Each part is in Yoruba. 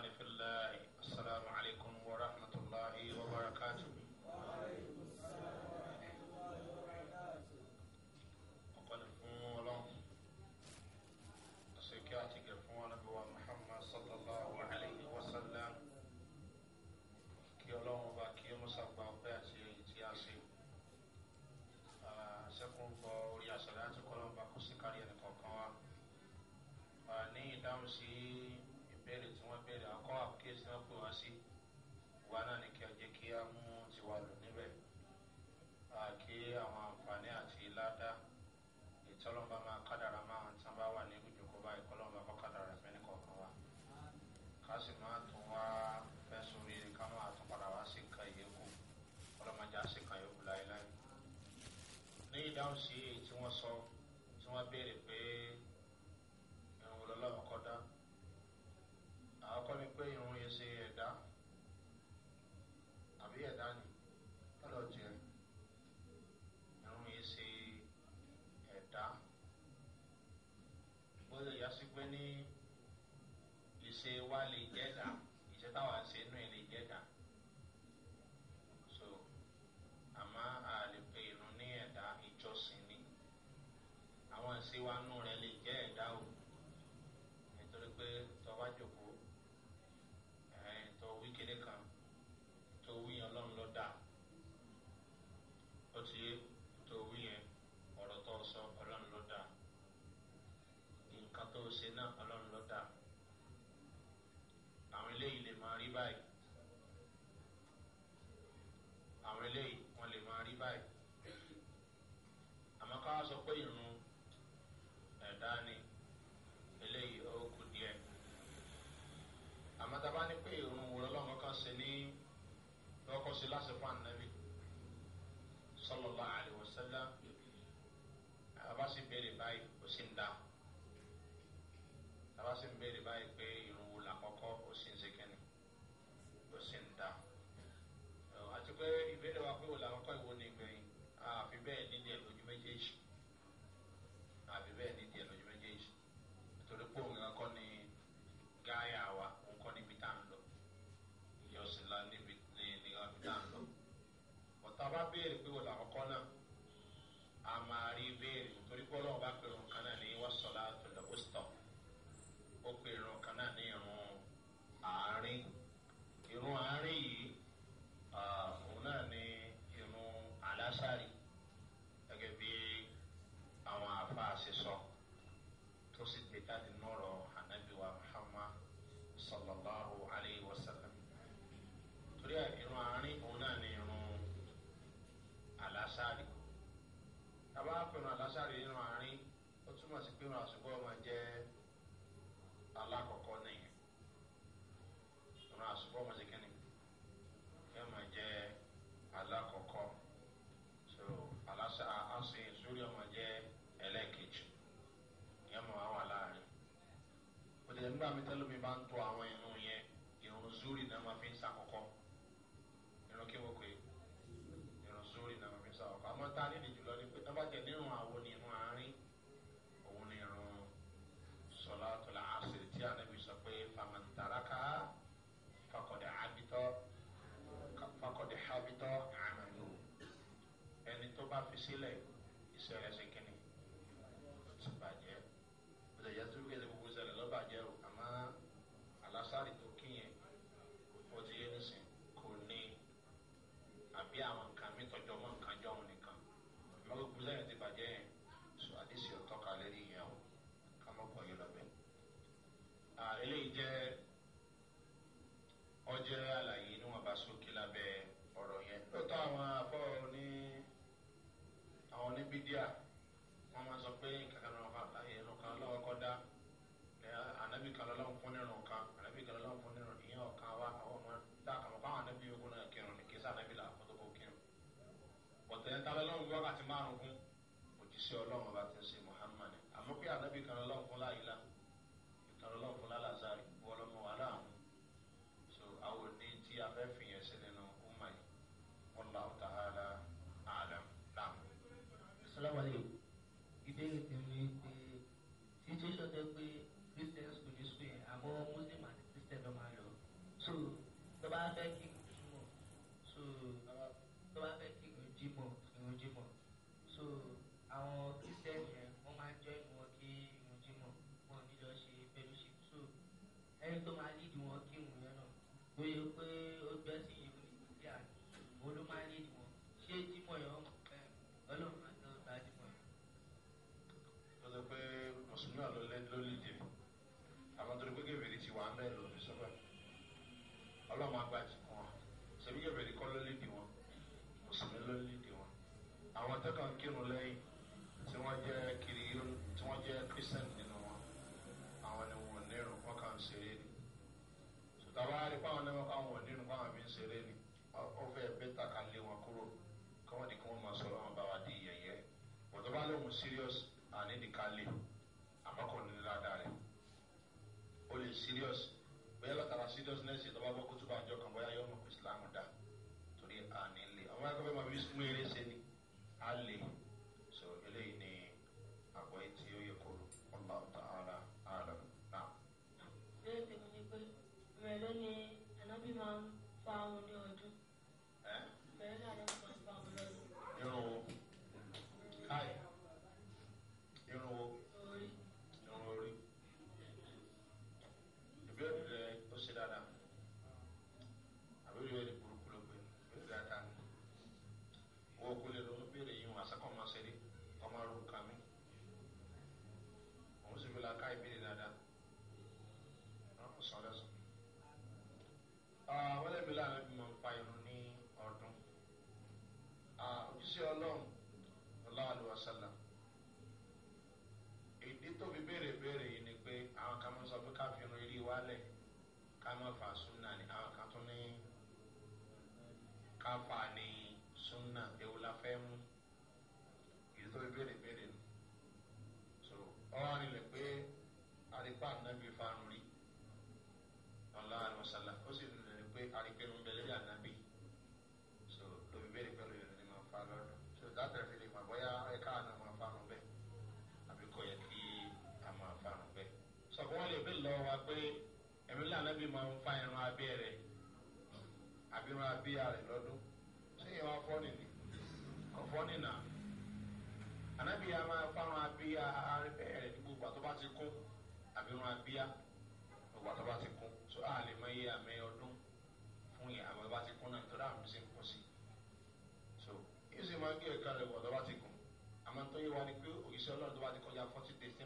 إخواني في الله السلام عليكم ورحمة الله وبركاته وعليكم السلام ورحمة الله وبركاته وقال فون ولون أسيكاتي قفون محمد صلى الله عليه وسلم كي ولون باكي مصابا وباتي تياسي سيكون فوري أسلاتي قولون باكو سيكاري أنكو كوا ní ìdáhùn kọ́ àkíyèsí náà pè wá sí wa náà ní kí a jẹ́ kí a mú tiwa lò níbẹ̀ àkí àwọn àǹfààní àti ládá ìtọ́lọ́mbà máa kádàrá máa ń tán bá wà ní ìjòkó báyìí kọ́lọ́mbà kọ́ kádàrá fẹ́ni kọ̀ọ̀kan wa ká sì máa tún wá fẹ́ sórí ká máa tún padà wá sí kan ìyókù kọ́lọ́mọdé á kan ìyókù láéláé ní ìdáhùn sí èyí tí wọ́n sọ tí wọ́n béèrè pé pé ní ìṣe wa lè jẹ́ dà. náà ọlọ́run ló sì ń ṣe kẹ́ni ó sì ń dá àti pé ìbéèrè wa pé wò làwọn kọ́ ìwo ni ìgbẹ̀yìn àfi ah, bẹ́ẹ̀ nídìí ẹ̀ lójú méjèèjì. nígbà mi tẹ́lẹ̀ mi bá ń to àwọn ẹnu yẹn ìrùn zuri náà máa fi ń sàkọ́kọ́ ìrùn kí wọ́n pè ìrùn zúrì náà máa fi ń sàkọ́kọ́ àmọ́ tá a nílì jùlọ ni pé tọ́ba jẹ nírun àwo ni irun àárín òun ni irun sọlá tọ́lá àṣírí tí ànábi sọ pé fàmàtàràkà fakọ̀dẹ̀ àbítọ́ fakọ̀dẹ̀ àbítọ́ àmàlú ẹni tó bá fi sílẹ̀ ìṣẹ̀lẹ̀ ṣe kíni. jẹ́ ọjẹ́ àlàyé ni wọ́n bá sókè lábẹ́ ọ̀rọ̀ yẹn. lóòótọ́ àwọn afọ́ ní àwọn oníbídíà wọ́n máa sọ pé láyé lọ́wọ́ anabi kan lọ́wọ́ fún nínú kan kan lọ́wọ́ fún nínú ìyẹn ọ̀kan wa àwọn ọmọ a kàn wọ́n káwọn ànábì náà kírun ní kíṣà là kó tó kó kírun. bọ̀tẹ̀ lọ́wọ́ wákàtí márùn-ún náà ló lédè àwọn torí pé kébèrè ti wà mẹ́rin ló fi sọ́fà ọlọ́mọ àgbà ti kàn wá ṣẹbi kébèrè kọ́ ló lédè wọn mùsùlùmí ló lédè wọn àwọn tẹ́kàn kírun lẹ́yìn tí wọ́n jẹ́ kiri tí wọ́n jẹ́ christian nínú wọn àwọn ni wọn nírun wọn kàn ń ṣeré ni sọtàbá rí pàwọn náà káwọn wọn nírun káwọn fi ń ṣeré ni wọn fẹ́ bẹ́tà ká lé wọn kúrò káwọn ní kí wọ́n máa sọ ọ́ wọn bá wa di yẹ̀yẹ́ bọ̀dọ̀ bá lóhùn serious àní nìkan lé. serious bóyá látara seriousness yìí tó bá gbọ́ kó tó bá jọ kàn bóyá yọ ọmọ kò sí láàmú dá torí àní lè àwọn akọ́fẹ́ máa fi sún lẹ̀ ká má fa súnà ni àwọn kan tún ní ká fa ni súnà ewu la fẹ́ mú èyí tó béèrè béèrè nù so ọ̀rọ̀ nílẹ̀ pé àdìpá nàbí fanu rí ọ̀la àlùmọ̀sálà ó sì nílẹ̀ pé àdìpé ń bẹ lórí ànábì so lóbi béèrè pẹ̀lú ìrìn ni màá fa lọ́dọ̀ so dábẹ̀rẹ̀ fi lè mà bóyá ẹ̀ka àná màá fanu bẹ́ẹ̀ àbíkọ̀ yẹ kí a máa fanu bẹ́ẹ̀ sọ̀kọ́ wọn lè bí lọ́wọ́ wa pé ẹ̀rù ńlá bí máa fa irun abẹ́ rẹ̀ àbí irun abíyá rẹ̀ lọ́dún sẹ́yìn wá fọ́ nìní ọ̀fọ́ nìna ànábìyá máa fa irun abíyá rẹ̀ ní gbogbo àtọ́ bá ti kún àbí irun abíyá gbogbo àtọ́ bá ti kún so a lè mọ iye àmì ọdún fún yẹn àmọ́ bá ti kún náà nítorí àmì sí ń kún sí so yóò sì máa gbé ẹ̀ka rẹ̀ wọ̀ tó bá ti kún àmọ́ tó yẹ wá ni pé òyìṣẹ́ ọlọ́run tó bá ti kọjá forty days ní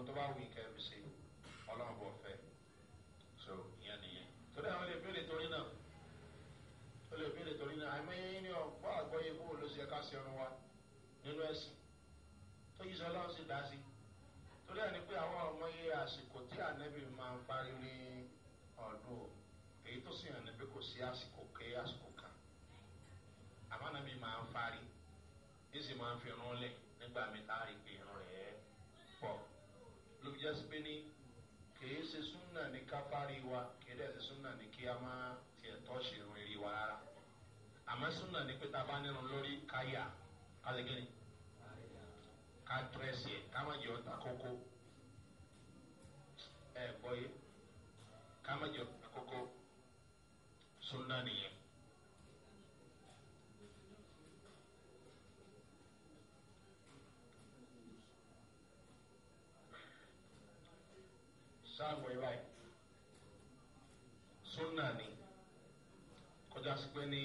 gbogbo tó bá wù kẹ́ ẹ fi ṣe ọlọ́run bọ̀ fẹ́ so ìyẹn nìyẹn torí àwọn lè béèrè torí náà ó lè béèrè torí náà àmì ní ọgbọ́ àgbọ́yé bó ló ṣe ká ṣe ọrùn wa nínú ẹ̀sìn tó yí sọ ọlọ́run sì dá sí torí ẹni pé àwọn ọmọ yẹ àsìkò tí ànẹ́bí máa ń parí ní ọdún o èyí tó sì hàn níbi kò sí àsìkò ké àsìkò kan àmọ́ ànẹ́bí máa ń parí ní sì máa ń fi irun lẹ̀ nígbà mi tá a rí pé irun rẹ̀ já sí pé ní kìí ṣe súnà ní káfárí wa kìí dẹ̀ ṣe súnà ní kí a má tiẹ̀ tọ́ṣì irun eré wa rárá àmọ́ súnà ní pé ta bá lórí káyà kálíkìrì ká dírẹ́sì ẹ̀ ọ̀tà kókó ẹ̀ bọ́yé ká ọ̀tà kókó súnà nìyẹn. sáàmù ẹ̀ báyìí sunna ni kọjá sí pé ní.